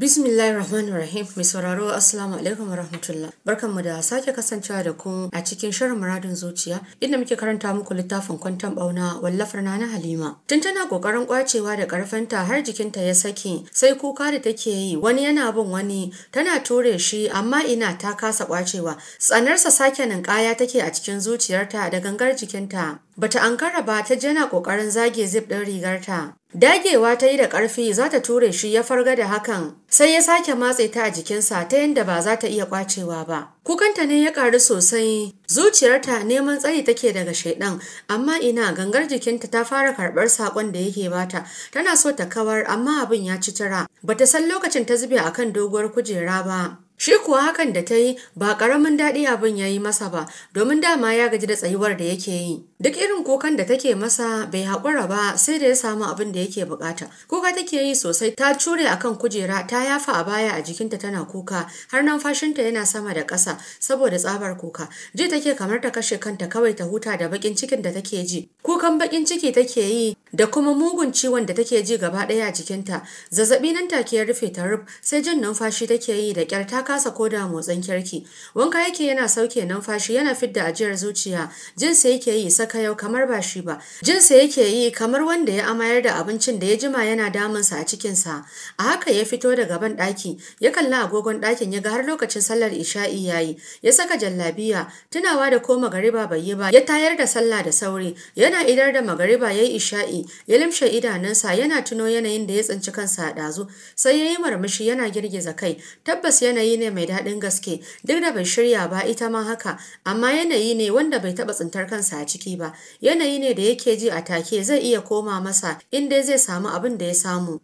Bismillahir Rahmanir Rahim. Mai sauraro Assalamu alaikum wa rahmatullah. Barkanmu da sake kasancewa da ku a cikin shirin muradin zuciya inda muke karanta muku littafin kwantan bauna wallafar na Halima. Tun tana kokarin kwacewa da karfanta har jikinta ya sake sai kuka da take yi wani yana bin wani tana ture shi amma ina ta kasa kwacewa. Tsanarsa sake ninƙaya take a cikin zuciyarta da gangar jikinta. Bata ankara ba ta jana kokarin zage zip ɗin rigarta. Dagewa ta yi da ƙarfi za ta ture shi ya farga da hakan sai ya sake matse ta a jikinsa ta yadda ba za ta iya kwacewa ba. Kukanta ne ya ƙaru sosai, zuciyarta neman tsayi take daga shaidan, amma ina gangar jikinta ta fara karɓar saƙon da yake bata, tana so ta kawar amma abin ya ci tara, ta san lokacin ta zube akan doguwar kujera ba. Shi kuwa hakan da ta yi ba ƙaramin daɗi abin ya yi masa ba, domin dama ya gaji da tsayuwar da yake yi. Duk irin kukan da take masa bai haƙura ba sai da ya samu abin da yake buƙata. Kuka take yi sosai ta cure akan kujera ta yafa a baya a jikinta tana kuka har numfashinta yana sama da ƙasa saboda tsabar kuka. Ji take kamar ta kashe kanta kawai ta huta da baƙin cikin da take ji. Kukan baƙin ciki take yi da kuma mugun ciwon da take ji gaba ɗaya a jikinta. Zazzaɓi nan take ya rufe ta rub sai jin numfashi take yi da ƙyar ta kasa ko da motsin kirki. Wanka yake yana sauke numfashi yana fidda ajiyar zuciya jinsa yake yi sa ka yau kamar ba shi ba jinsa yake yi kamar wanda ya amayar da abincin da ya jima yana damunsa a cikinsa a haka ya fito daga ban ɗaki ya kalla agogon ɗakin ya ga har lokacin sallar isha'i ya yi ya saka jallabiya tunawa da ko magariba bai yi ba ya tayar da sallah da sauri yana idar da magariba ya yi isha'i ya limshe idanunsa yana tuno yanayin da ya tsinci kansa a ɗazu sai ya yi marmashi yana girgiza kai tabbas yanayi ne mai daɗin gaske duk da bai shirya ba ita ma haka amma yanayi ne wanda bai taɓa tsintar kansa a ciki ba ba yanayi ne da yake ji a take zai iya koma masa inda zai samu abin da ya samu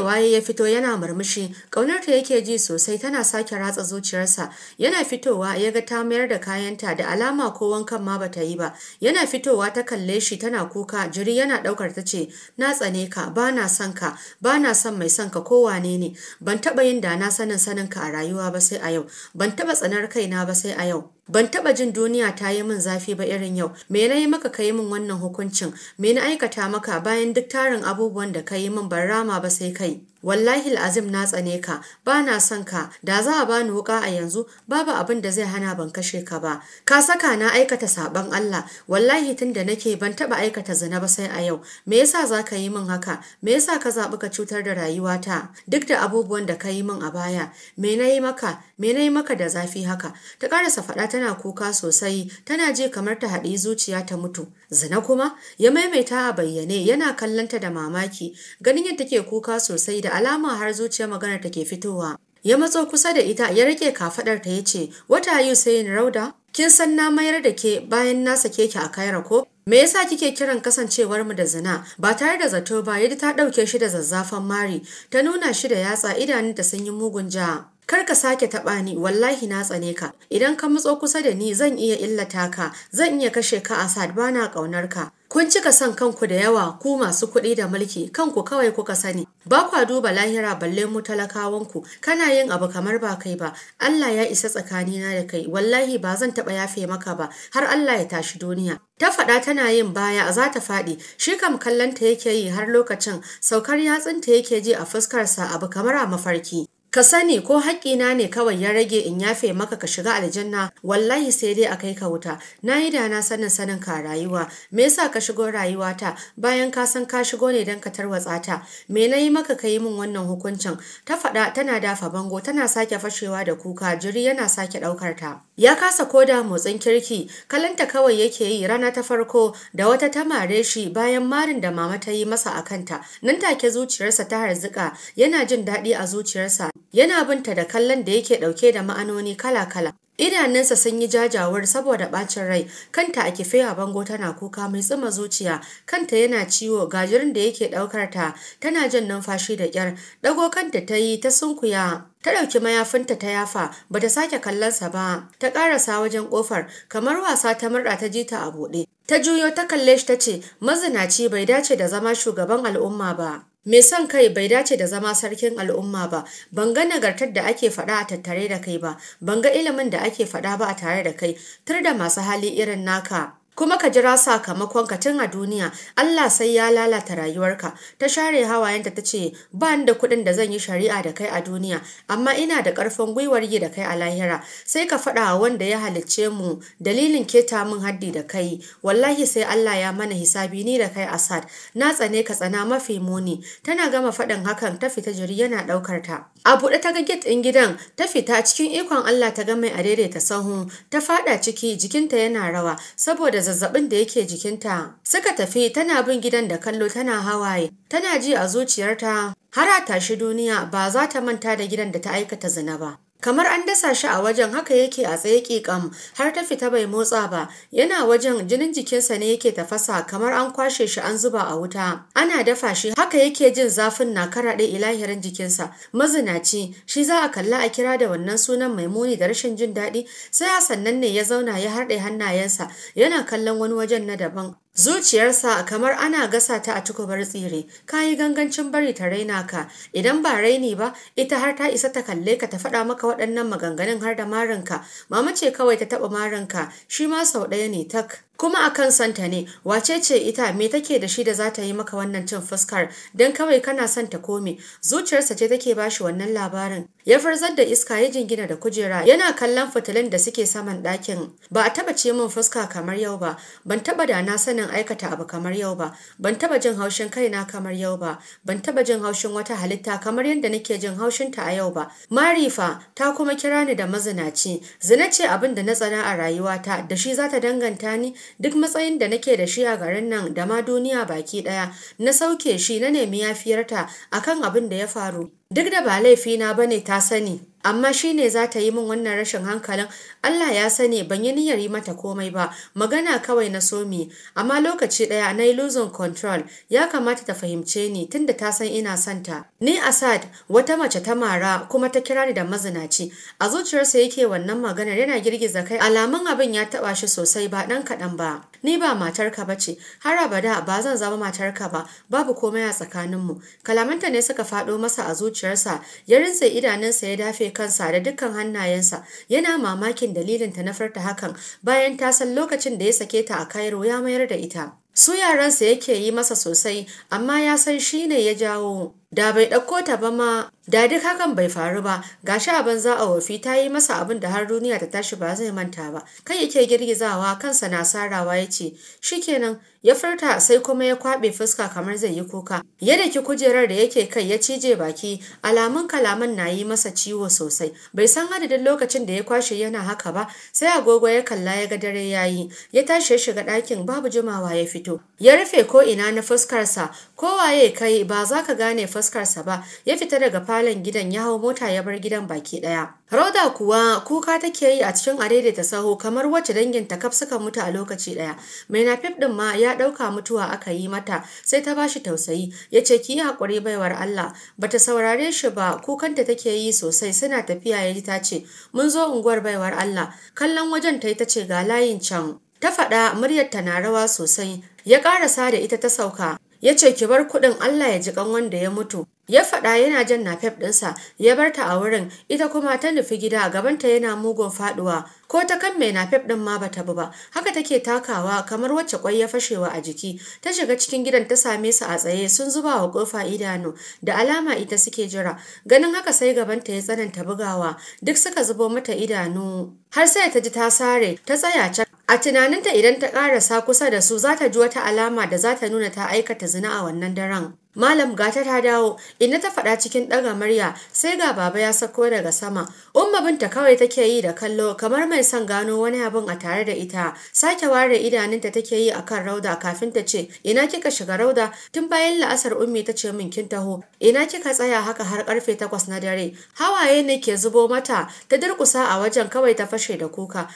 waye ya fito yana murmushi, ƙaunarta yake ji sosai tana sake ratsa zuciyarsa. Yana fitowa ya ga ta mayar da kayanta da alama ko wankan ma bata yi ba. Yana fitowa ta kalle shi tana kuka, jiri yana ɗaukar ta ce, "Na tsane ka, ba na son ka, ba na son mai son ka ko wane ne. Ban taɓa yin dana sanin sanin ka a rayuwa ba sai a yau. Ban taɓa tsanar kaina ba sai a yau." Ban taɓa jin duniya ta yi min zafi ba irin yau, me na yi maka ka yi min wannan hukuncin, me na aikata maka bayan duk tarin abubuwan da ka yi min ban rama ba sai kai wallahi azim na tsane ka ba na son ka da za a bani wuka a yanzu babu abin da zai hana ban kashe ka ba ka saka na aikata saban Allah wallahi tun da nake ban taba aikata zina ba sai a yau me yasa za ka yi min haka me yasa ka zaɓi ka cutar da rayuwata duk da abubuwan da ka yi min a baya me na yi maka me na yi maka da zafi haka ta karasa faɗa tana kuka sosai tana je kamar ta haɗi zuciya ta mutu zina kuma ya maimaita a bayyane yana kallonta da mamaki ganin yadda take kuka sosai da alama har zuciya maganar take fitowa. Ya matso kusa da ita ya rike kafadar ta yace, "What are you saying, Rauda? Kin san na mayar da ke bayan na sake ki a Kaira ko? Me yasa kike kiran kasancewar mu da zina? Ba tare da zato ba, yadda ta dauke shi da zazzafan mari, ta nuna shi da yatsa idanunta sun yi mugun ja. Kar ka sake taɓa ni, wallahi na tsane ka. Idan ka matso kusa da ni zan iya illata ka, zan iya kashe ka Asad, bana ƙaunar ka. Kun cika son kanku da yawa ku masu kuɗi da mulki kanku kawai kuka sani. Ba kwa duba lahira balle mu talakawanku kana yin abu kamar ba kai ba. Allah ya isa tsakanina da kai wallahi ba zan taɓa yafe maka ba har Allah ya tashi duniya. Ta faɗa tana yin baya za ta faɗi shi kam kallonta yake yi har lokacin saukar yatsunta yake ji a fuskarsa abu kamar a mafarki. Ka sani ko haƙƙina ne kawai ya rage in yafe maka ka shiga aljanna wallahi sai dai a kai ka wuta na yi da sanin sanin ka rayuwa me yasa ka shigo rayuwata bayan ka san ka shigo ne don ka tarwatsa ta me na yi maka ka yi min wannan hukuncin ta faɗa tana dafa bango tana sake fashewa da kuka jiri yana sake ɗaukar ta ya kasa koda motsin kirki kalanta kawai yake yi rana ta farko da wata ta mare shi bayan marin da mama ta yi masa a kanta nan take zuciyarsa ta harzuka yana jin daɗi a zuciyarsa Yana binta da kallon da yake ɗauke da ma'anoni kala-kala. Idanunsa sun yi jajawar saboda ɓacin rai, kanta a kife a bango tana kuka mai tsuma zuciya, kanta yana ciwo gajirin da yake ɗaukar ta, tana jan numfashi da kyar. ɗago kanta ta yi ta sunkuya Ta ɗauki mayafinta ta yafa, ba ta sake kallonsa ba, ta ƙarasa wajen ƙofar, kamar wasa ta murɗa ta ji ta a buɗe. Ta juyo ta kalle shi ta ce, mazinaci bai dace da zama shugaban al'umma ba. Me son kai bai dace da zama sarkin al'umma ba, ban ga nagartar da ake faɗa a tattare da kai ba, ban ga ilimin da ake faɗa ba a tare da kai, tur da masu hali irin naka kuma ka jira sakamakon ka tun a duniya Allah sai ya lalata rayuwarka ta share hawayenta ta ce ba ni da kuɗin da zan yi shari'a da kai a duniya amma ina da ƙarfin gwiwar yi da kai a lahira sai ka faɗa wanda ya halicce mu dalilin keta min haddi da kai wallahi sai Allah ya mana hisabi ni da kai Asad na tsane ka tsana mafi muni tana gama faɗin hakan ta fita jiri yana ɗaukar ta a buɗe ta ga gate ɗin gidan ta fita cikin ikon Allah ta ga mai adaidaita sahu ta faɗa ciki jikinta yana rawa saboda zazzabin da yake jikinta. Suka tafi tana bin gidan da kallo tana hawaye, tana ji a zuciyarta har a tashi duniya ba za ta manta da gidan da ta aikata zina ba. kamar an dasa shi a wajen haka yake a tsaye ƙiƙam har ta fita bai motsa ba yana wajen jinin jikinsa ne yake tafasa kamar an kwashe shi an zuba a wuta ana dafa shi haka yake jin zafin na karaɗe ilahirin jikinsa mazinaci shi za a kalla a kira da wannan sunan mai muni da rashin jin daɗi sai a sannan ne ya zauna ya harɗe hannayensa yana kallon wani wajen na daban Zuciyarsa kamar ana gasa ta a tukubar tsire, ka yi gangancin bari ta raina ka, idan ba raini ba, ita har ta isa ta kalle ka ta faɗa maka waɗannan maganganun har da marinka, mama ce kawai ta taɓa marinka, shi ma sau ɗaya ne tak. kuma a kan santa ne wace ce ita me take da shi da za ta yi maka wannan cin fuskar don kawai kana son ta kome zuciyarsa ce take bashi wannan labarin ya farzar da iska ya jingina da kujera yana kallon fitilun da suke saman ɗakin ba a taba ce min fuska kamar yau ba ban taba da na sanin aikata abu kamar yau ba ban taba jin haushin kai na kamar yau ba ban taba jin haushin wata halitta kamar yadda nake jin haushin ta a yau ba marifa ta kuma kira ni da mazinaci zina ce abin da na tsana a rayuwata da shi za ta danganta ni duk matsayin da nake da shi a garin nan da ma duniya baki ɗaya na sauke shi na nemi yafiyarta akan abin da ya faru Duk da ba laifina ba ne ta sani, amma shi ne za ta yi min wannan rashin hankalin Allah ya sani ban yi niyyar yi mata komai ba, magana kawai na somi, amma lokaci ɗaya na yi losing control ya kamata ta fahimce ni tunda ta san ina son ta. Ni Asad wata mace ta mara kuma ta kira ni da mazinaci, a zuciyarsa yake wannan maganar yana girgiza kai alamun abin ya taɓa shi sosai ba ɗan kaɗan ba. ni ba matarka ba ce har abada ba zan zama matarka ba babu komai a tsakaninmu kalamanta ne suka faɗo masa a zuciyarsa ya rinse idanunsa ya dafe kansa da dukkan hannayensa yana mamakin dalilinta na farta hakan bayan ta san lokacin da ya sake ta a Cairo ya mayar da ita su yaransa yake yi masa sosai amma ya san shi ne ya jawo da bai ɗauko ta ba ma da duk hakan bai faru ba Ga shi a za a wofi ta yi masa abin da har duniya ta tashi ba zai manta ba kai yake girgizawa kansa na sarawa ya ce shikenan ya furta sai kuma ya kwaɓe fuska kamar zai yi kuka ya ki kujerar da yake kai ya cije baki alamun kalaman na yi masa ciwo sosai bai san adadin lokacin da ya kwashe yana haka ba sai agogo ya kalla ya ga dare ya yi ya tashi ya shiga ɗakin babu jimawa ya fito ya rufe ko ina na fuskarsa kowaye kai ba za ka gane fuskarsa? fuskarsa ba ya fita daga falon gidan ya hau mota ya bar gidan baki daya Roda kuwa kuka take yi a cikin adaidaita saho kamar wacce ta kaf suka mutu a lokaci ɗaya. Mai nafif din ma ya ɗauka mutuwa aka yi mata sai ta bashi tausayi ya ce ki yi haƙuri baiwar Allah bata saurare shi ba kukanta take yi sosai suna tafiya ya ji ta ce mun zo unguwar baiwar Allah kallon wajen ta yi ta ce ga layin can. Ta faɗa ta na rawa sosai ya ƙarasa da ita ta sauka ya ce ki bar kuɗin Allah ya ji kan wanda ya mutu ya faɗa yana jan nafef ɗinsa ya bar ta a wurin ita kuma ta nufi gida gabanta yana mugun faɗuwa ko ta kan mai nafef ɗin ma bata bi ba haka take takawa kamar wacce kwai ya fashewa a jiki ta shiga cikin gidan ta same su a tsaye sun zuba wa ƙofa idanu da alama ita suke jira ganin haka sai gabanta ya tsananta bugawa duk suka zubo mata idanu har sai ta ji ta sare ta tsaya can A tunaninta idan ta ƙarasa kusa da su za ta ji wata alama da za ta nuna ta aikata zina a wannan daren. Malam gata ta dawo, ina ta faɗa cikin ɗaga murya sai ga baba ya sako daga sama. Umma binta kawai take yi da kallo kamar mai son gano wani abin a tare da ita. Sake ware idanunta take yi akan rauda kafin ta ce, "Ina kika shiga rauda?" Tun bayan la'asar ummi ta ce min kin taho. "Ina kika tsaya haka har karfe takwas na dare?" Hawaye ne ke zubo mata, ta durƙusa a wajen kawai ta fashe da kuka.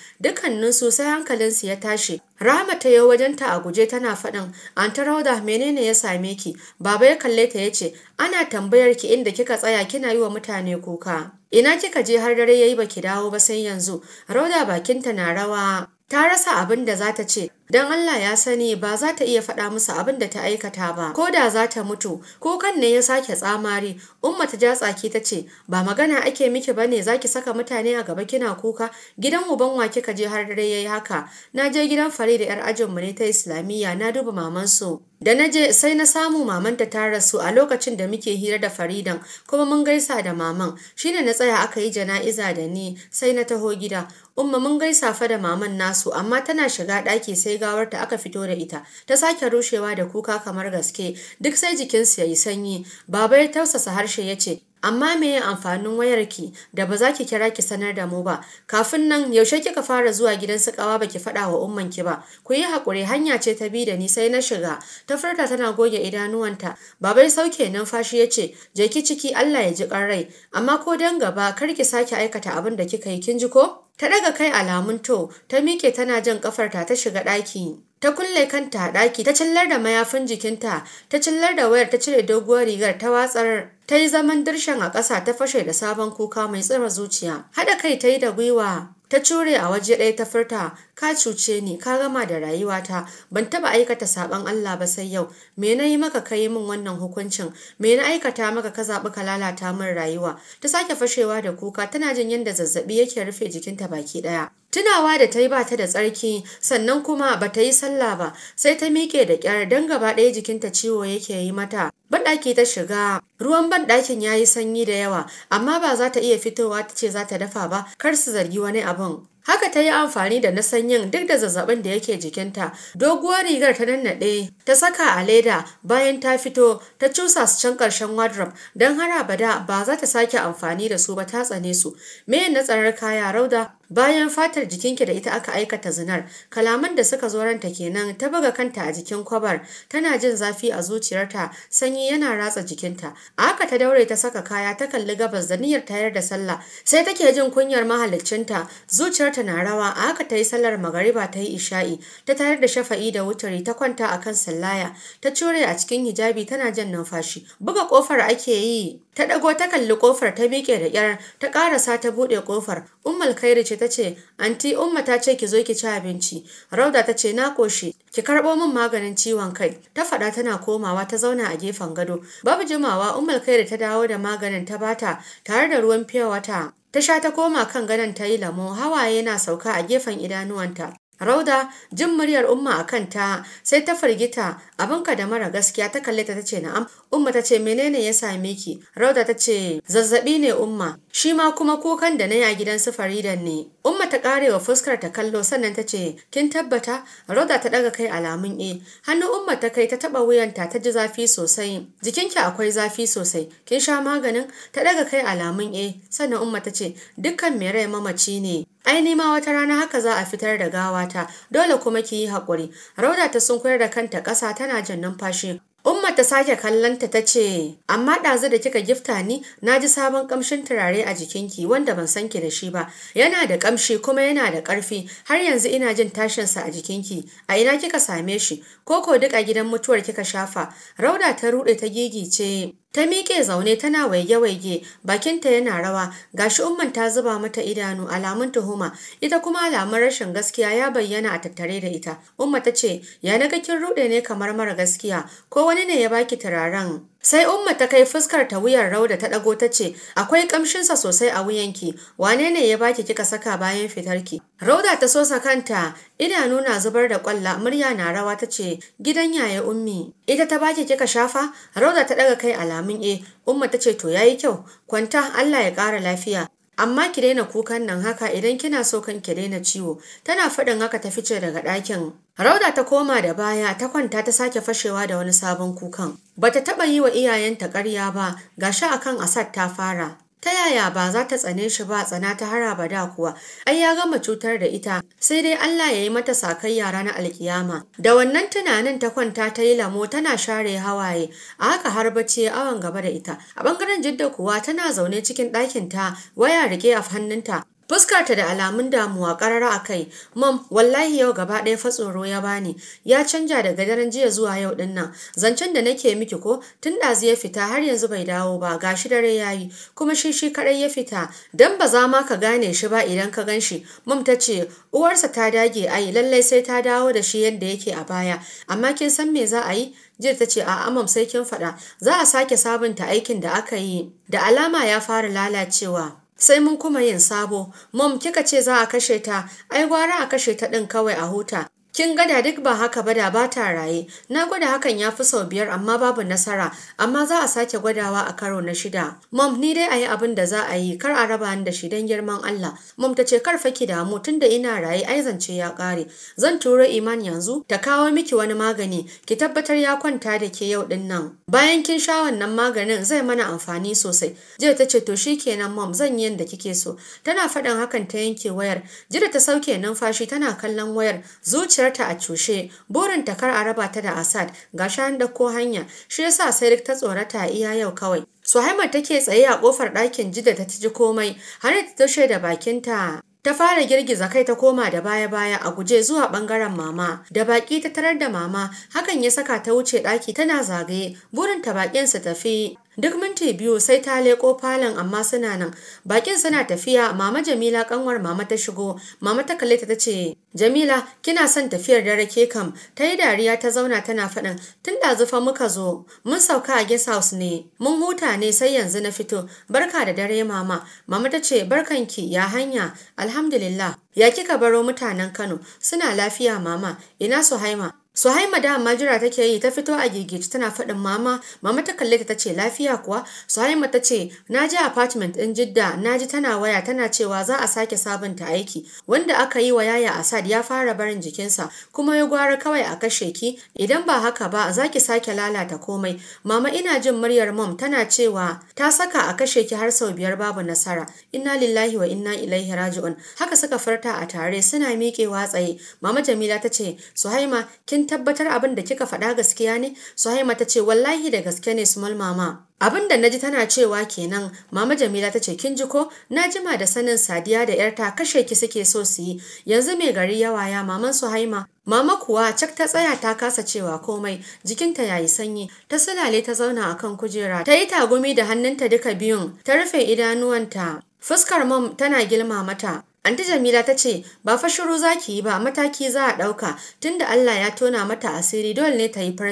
su sai hankalinsu ya tashi. Rahama ta yi wajenta a guje tana faɗin, "Anta rauda menene ya same ki?" Baba ya kalle ta ya ce, Ana tambayar ki inda kika tsaya kina yi wa mutane kuka. Ina kika je har dare yayi baki dawo ba sai yanzu. Rauda bakinta na rawa. Ta rasa abin da za ta ce, don Allah ya sani ba za ta iya faɗa musu abin da ta aikata ba ko da za ta mutu ko kan ne ya sake tsamari umma ta ja tsaki ta ce ba magana ake miki ba ne za ki saka mutane a gaba kina kuka gidan uban wa kika je har dare ya yi haka na je gidan fare da yar ajinmu ne ta islamiyya na duba maman su da na je sai na samu mamanta ta rasu a lokacin da muke hira da faridan kuma mun gaisa da maman shine na tsaya aka yi jana'iza da ni sai na taho gida umma mun gaisa fa da maman nasu amma tana shiga ɗaki sai gawarta aka fito da ita ta sake rushewa da kuka kamar gaske duk sai jikinsu ya yi sanyi baba ya tausasa harshe ya ce Amma me meye amfanin wayarki da ba za ki kira ki sanar da mu ba? Kafin nan yaushe kika fara zuwa gidan su kawa baki faɗa wa ki ba. Ku yi haƙuri hanya ce ta bi da ni sai na shiga. Ta furta tana goge idanuwanta. Babai sauke numfashi ya ce, je ki ciki Allah ya ji rai. Amma ko dan gaba kar ki sake aikata abin da kika yi kin ji ko? Ta daga kai alamun to, ta miƙe tana jan ƙafarta ta ta shiga ɗaki. Ta kulle kanta a ɗaki, ta cillar da mayafin jikinta, ta cillar da wayar, ta cire doguwar rigar, ta watsar ta yi zaman dirshan a ƙasa ta fashe da sabon kuka mai tsira zuciya haɗa kai ta yi da gwiwa ta cure a waje ɗaya ta furta ka cuce ni ka gama da rayuwata ban taɓa aikata saɓon Allah ba sai yau me na yi maka kai min wannan hukuncin me na aikata maka ka zaɓi ka lalata min rayuwa ta sake fashewa da kuka tana jin yadda zazzaɓi yake rufe jikinta baki ɗaya tunawa da ta yi ba ta da tsarki sannan kuma ba ta yi sallah ba sai ta miƙe da ƙyar don gaba ɗaya jikinta ciwo yake yi mata Banɗaki ta shiga, ruwan banɗakin ya yi sanyi da yawa, amma ba za ta iya fitowa ta ce za ta dafa ba, kar su zargi wani abun. Haka ta yi amfani da na sanyin duk da zazzabin da yake jikinta, doguwar rigar ta nannaɗe, ta saka a leda bayan ta fito, ta cusa su can ƙarshen wardrobe don har abada ba za ta sake amfani da su ba ta tsane su. Me na tsarar kaya rauda Bayan fatar jikinki da ita aka aikata zinar, kalaman da suka zo ranta kenan ta buga kanta a jikin kwabar, tana jin zafi a zuciyarta, sanyi yana ratsa jikinta. Aka ta daure ta saka kaya ta kalli gabas da niyyar tayar da sallah, sai take jin kunyar mahaliccinta, zuciyarta na rawa, a haka ta yi sallar magariba ta yi isha'i, ta tayar da shafa'i da wuturi, ta kwanta akan sallaya, ta cure a cikin hijabi tana jin numfashi. Buga ƙofar ake yi Ta ɗago ta kalli kofar ta miƙe da ƙyar, ta ƙarasa ta buɗe ƙofar. Ummul Khairi ce ta ce, "Anti Umma ta ce ki zo ki ci abinci." Rauda ta ce, "Na ƙoshi, ki karɓo min maganin ciwon kai." Ta faɗa tana komawa ta zauna a gefen gado. Babu jimawa Ummul Khairi ta dawo da maganin ta bata tare da ruwan fiye wata. Ta sha ta koma kan gadon ta yi lamo, hawaye na sauka a gefen idanuwanta. Rauda jin muryar umma a kanta sai ta firgita abinka da mara gaskiya ta kalle ta tace na'am Umma ta ce menene ya same ki? Rauda ta ce zazzabi ne Umma. Shi ma kuma kukan da na ya gidan su Faridan ne. Umma ta karewa fuskar ta kallo sannan ta ce kin tabbata? Rauda ta daga kai alamun e. Hannu Umma ta kai ta taba wuyanta ta ji zafi sosai. Jikinki akwai zafi sosai. Kin sha maganin? Ta daga kai alamun e. Sannan Umma ta ce dukkan mai rai mamaci ne. Ai nima wata rana haka za a fitar da gawata, dole kuma ki yi haƙuri. Rauda ta sunkuyar da kanta ƙasa tana jin numfashi. Umma ta sake kallonta ta ce, Amma ɗazu da kika gifta ni, na ji sabon ƙamshin turare a jikinki wanda ban san ki da shi ba. Yana da ƙamshi kuma yana da ƙarfi, har yanzu ina jin tashinsa a jikinki. A ina kika same shi, ko ko duk a gidan mutuwar kika shafa. Rauda ta ruɗe ta gigice, Ta miƙe zaune tana waige-waige, bakinta yana rawa, gashi umman ta zuba mata idanu alamun tuhuma, ita kuma alamun rashin gaskiya ya bayyana a tattare da ita. Umma ta ce, "Ya naga kin ruɗe ne kamar mara gaskiya, ko wani ne ya baki turaren?" Sai Umma ta kai fuskar ta wuyar Rauda ta ɗago ta ce, "Akwai ƙamshinsa sosai a wuyanki, wane ne ya baki kika saka bayan fitar ki? Rauda ta sosa kanta, idanu na zubar da ƙwalla, murya na rawa ta ce, "Gidan yaya Ummi." Ita ta baki kika shafa? Rauda ta ɗaga kai alamun e, Umma ta ce, "To yayi kyau, kwanta Allah ya ƙara lafiya." amma ki daina kukan nan haka idan kina so kan ki daina ciwo tana faɗin haka ta fice daga ɗakin rauda ta koma da baya ta kwanta ta sake fashewa da wani sabon kukan bata taɓa yi wa iyayenta ƙarya ba gashi akan asad ta fara Ta yaya ba za ta tsane shi ba tsana ta haraba da kuwa, ai ya gama cutar da ita, sai dai Allah ya yi mata sakayya ranar alkiyama. Da wannan tunanin ta kwanta ta yi lamo tana share hawaye, a haka har bace awan awon gaba da ita. A bangaren Jidda kuwa tana zaune cikin ɗakin ta, waya rike a hannunta, Fuskarta da alamun damuwa karara a kai, mam wallahi yau gaba ɗaya fa tsoro ya bani, ya canja daga daren jiya zuwa yau ɗin nan. Zancen da nake miki ko, tun ɗazu ya fita har yanzu bai dawo ba, gashi dare ya yi, kuma shi shi kaɗai ya fita, Dan ba za ma ka gane shi ba idan ka gan shi. mam ta ce, uwarsa ta dage ai, lallai sai ta dawo da shi yadda yake a baya, amma kin san me za a yi? Jiya ta ce a amam sai kin faɗa, za a sake sabunta aikin da aka yi, da alama ya fara lalacewa. sai mun kuma yin sabo mom kika ce za a kashe ta ai gwara a kashe ta din kawai a huta Kin gada duk ba haka ba da ba ta raye. Na gwada hakan ya fi sau biyar amma babu nasara, amma za a sake gwadawa a karo na shida. Mom ni dai a yi abin da za a yi, kar a raba ni da shi don girman Allah. Mom ta ce kar faki damu tun da ina raye ai zance ya kare. Zan turo Iman yanzu ta kawo miki wani magani, ki tabbatar ya kwanta da ke yau din nan. Bayan kin sha wannan maganin zai mana amfani sosai. Jiya ta ce to shi kenan mom zan yi yadda kike so. Tana faɗin hakan ta yanke wayar. Jira ta sauke numfashi tana kallon wayar. Zuciyar ta a cushe burinta kar a raba ta da Asad shan da ko hanya shi yasa sai ta tsorata iya yau kawai Suhaima take tsaye a kofar ɗakin jida ta ji komai har ta taushe da bakinta ta fara girgiza kai ta koma da baya-baya a guje zuwa bangaren mama da baki ta tarar da mama hakan ya saka ta wuce ɗaki tana zagaye burin ta bakin su tafi Duk minti biyu sai ta leƙo falon amma suna nan. Bakin suna tafiya, mama Jamila kanwar mama ta shigo, mama ta kalle ta ce, "Jamila, kina son tafiyar dare ke kam?" Ta yi dariya ta zauna tana faɗin, "Tun da zufa muka zo, mun sauka a guest house ne, mun huta ne sai yanzu na fito. Barka da dare mama." Mama ta ce, "Barkanki, ya hanya, alhamdulillah." Ya kika baro mutanen Kano, suna lafiya mama, ina Suhaima, Suhaima da jira take yi ta fito a gigici tana faɗin mama, mama ta kalle ta tace lafiya kuwa. Suhaima ta ce, "Na je apartment ɗin Jidda, na ji tana waya tana cewa za a sake sabunta aiki. Wanda aka yi wa yaya Asad ya fara barin jikinsa, kuma ya gwara kawai a kashe ki, idan ba haka ba za ki sake lalata komai." Mama ina jin muryar mom tana cewa, "Ta saka a kashe ki har sau biyar babu nasara." Inna lillahi wa inna ilaihi raji'un. Haka suka furta a tare suna miƙewa tsaye. Mama Jamila ta ce, "Suhaima, kin tabbatar abin da kika faɗa gaskiya ne suhaima ta ce wallahi da gaske ne small mama abin da ji tana cewa kenan mama jamila ta ce kin ji ko na jima da sanin sadiya da yarta kashe ki suke so su yi yanzu mai gari yawa ya waya maman suhaima mama kuwa cak ta tsaya ta kasa cewa komai jikinta yayi sanyi ta sulale ta zauna akan kujera ta yi tagumi da hannunta duka biyun ta rufe idanuwanta Fuskar mom tana gilma mata, Anti Jamila ta ce, ba fa shiru za ki yi ba, mataki za a ɗauka, tunda Allah ya tona mata asiri dole ne ta yi ba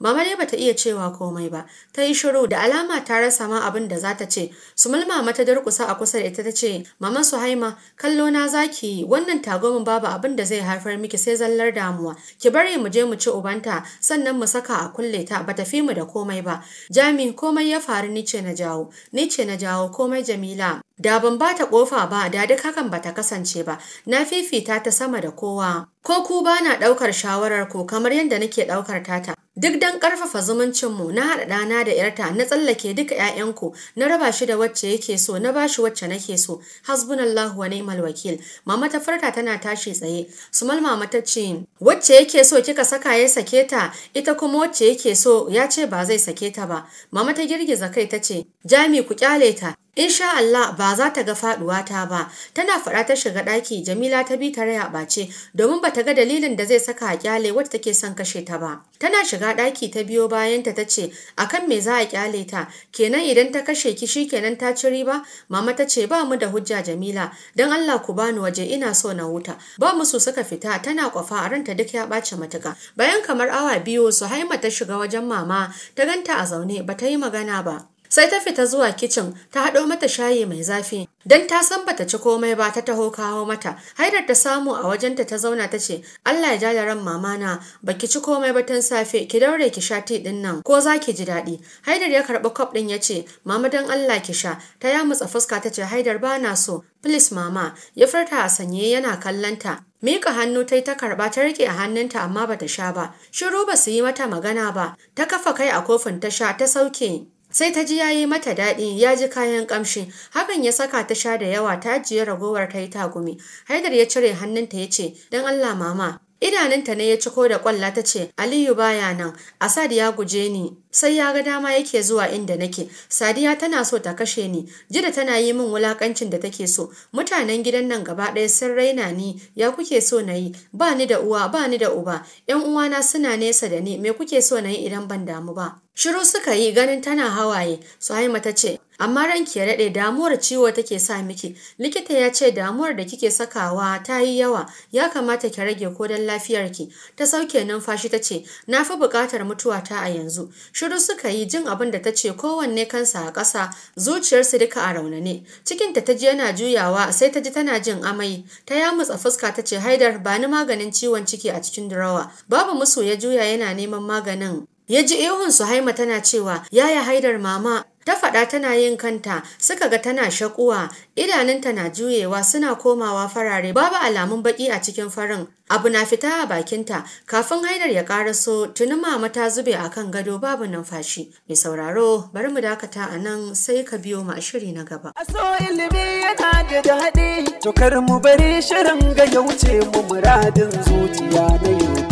mama dai ta iya cewa komai ba. Ta yi shiru da alama ta rasa ma abin da za ta ce, su mulma mata durƙusa a kusa da ita ta ce, mama Suhaima, kallo na za ki yi, wannan tagomin babu abin da zai haifar miki sai zallar damuwa. Ki bari mu je mu ci ubanta, sannan mu saka a kulle ta, bata fi mu da komai ba. Jami, komai ya faru ni ce na jawo, ni ce na jawo komai Jamila. Da ban ba ta ƙofa ba, da duk hakan ba ta kasance ba, na fifita ta sama da kowa. Ko ku ba na ɗaukar shawarar ku kamar yadda nake ɗaukar tata. Duk don ƙarfafa zumuncinmu na haɗa ɗana da ‘yarta na tsallake duka ‘ya'yanku na raba shi da wacce yake so na ba shi wacce nake so. Hasbunallahu wa ni'mal wakil. Mama ta farka tana tashi tsaye. Sumal mama ta ce wacce yake so kika saka ya sake ta ita kuma wacce yake so ya ce ba zai sake ta ba. Mama ta girgiza kai ta ce Jami ku ƙyale ta Insha Allah ba za ta ga faduwa ta ba. Tana faɗa ta shiga ɗaki Jamila ta bi ta raya ɓace domin ba ta ga dalilin da zai saka a kyale wacce take son kashe ta ba. Tana shiga ɗaki ta biyo bayan ta ce kan me za a kyale ta kenan idan ta kashe ki shi kenan ta ci riba mama ta ce ba mu da hujja Jamila dan Allah ku bani waje ina so na huta. Ba mu su suka fita tana kwafa a ranta duk ya ɓace matuka. Bayan kamar awa biyu Suhaima ta shiga wajen mama ta ganta a zaune ba ta yi magana ba. sai ta fita zuwa kicin ta haɗo mata shayi mai zafi don ta san bata ci komai ba ta taho kawo mata haidar ta samu a wajenta ta zauna ta ce Allah ya ja da ran mamana baki ci komai ba tun safe ki daure ki sha ti din nan ko za ki ji daɗi haidar ya karɓi kwaf ɗin ya ce mama don Allah ki sha ta ya mutsa fuska ta ce haidar ba na so Please mama, ya furta a sanye yana kallanta. Mika hannu ta yi ta karɓa ta rike a hannunta amma bata sha ba. Shiru ba su yi mata magana ba. Ta kafa kai a kofin ta sha ta sauke. Sai ta ji ya yi mata daɗi, ya ji kayan ƙamshi, hakan ya saka ta sha da yawa ta jiye ragowar ta yi tagumi. Haidar ya cire hannunta ya ce, "Don Allah mama, Idanunta ne ya ciko da kwalla ta ce, Aliyu baya nan, Asad ya guje ni, sai ya ga dama yake zuwa inda nake, Sadiya tana so ta kashe ni, jida tana yi min wulakancin da take so, mutanen gidan nan gaba ɗaya sun raina ni, ya kuke so na yi, ba ni da uwa, ba ni da uba, ‘yan uwana suna nesa da ni, me kuke so na yi idan ban damu ba. Shiru suka yi ganin tana hawaye, Suhaima ta ce, Amma ranki ya daɗe damuwar ciwo take sa miki, likita ya ce damuwar da kike sakawa ta yi yawa, ya kamata ki rage ko don lafiyarki. Ta sauke numfashi ta ce, Na fi buƙatar mutuwa ta a yanzu. Shiru suka yi jin abin da ta ce kowanne kansa a ƙasa, zuciyarsu duka a raunane. Cikinta ta ji yana juyawa sai ta ji tana jin amai. Ta yamutsa fuska ta ce, Haidar, ba ni maganin ciwon ciki a cikin durawa. Babu musu ya juya yana neman maganin ya ji ihun Suhaima tana cewa yaya haidar mama ta faɗa tana yin kanta suka ga tana shakuwa idanunta na juyewa suna komawa farare babu alamun baki a cikin farin abu na fita a bakinta kafin haidar ya karaso tuni mama ta zube a kan gado babu numfashi mai sauraro bari mu dakata a nan sai ka biyo mu a shiri na gaba a so ilimi yana da daɗi to mu bari shirin ga ya wuce mu muradin zuciya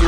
na